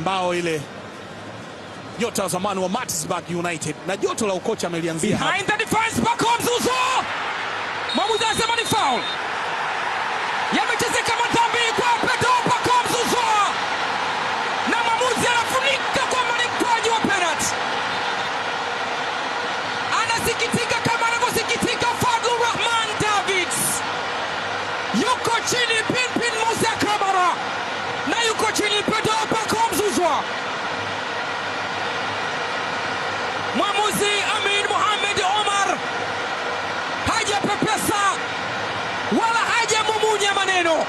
mbao ile nyota wa zamani wa Maritzburg United na joto la ukocha amelianzia Behind the defense back on Zuzo. Mwamuzi anasema ni foul. Yamechezeka madam Mlinzi Amin Mohamed Omar hajapepesa wala hajamumunya maneno.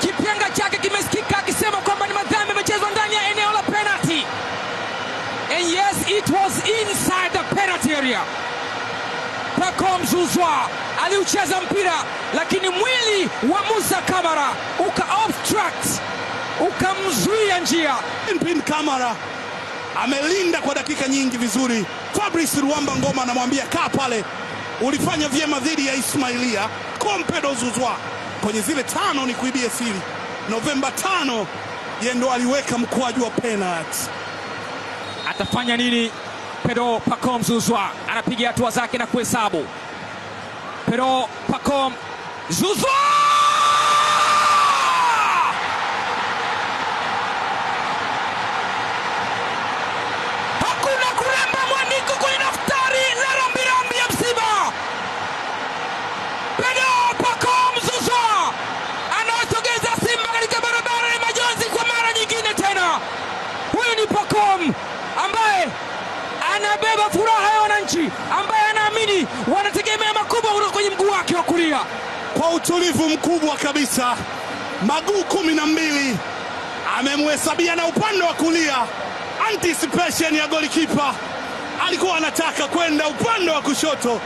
Kipyenga chake kimesikika akisema kwamba ni madhambi yamechezwa ndani ya eneo la penalty, and yes it was inside the penalty area. Pacome Zouzoua aliucheza mpira, lakini mwili wa Musa Kamara uka obstruct ukamzuia njia. Kamara amelinda kwa dakika nyingi vizuri. Fabrice Ruamba Ngoma anamwambia kaa pale, ulifanya vyema dhidi ya Ismailia Kompedo Zuzwa kwenye zile tano, ni kuibia siri. Novemba tano, ye ndo aliweka mkwaju wa penalti. Atafanya nini? Pedro Pacom Zuzwa anapiga hatua zake na kuhesabu. Pedro Pacom Zuzwa Pedro Pacome anaosogeza Simba katika barabara ya majonzi kwa mara nyingine tena. Huyu ni Pacome ambaye anabeba furaha ya wananchi, ambaye anaamini wanategemea makubwa kutoka kwenye mguu wake wa kulia. Kwa utulivu mkubwa kabisa, maguu kumi na mbili amemhesabia na upande wa kulia, anticipation ya golikipa alikuwa anataka kwenda upande wa kushoto.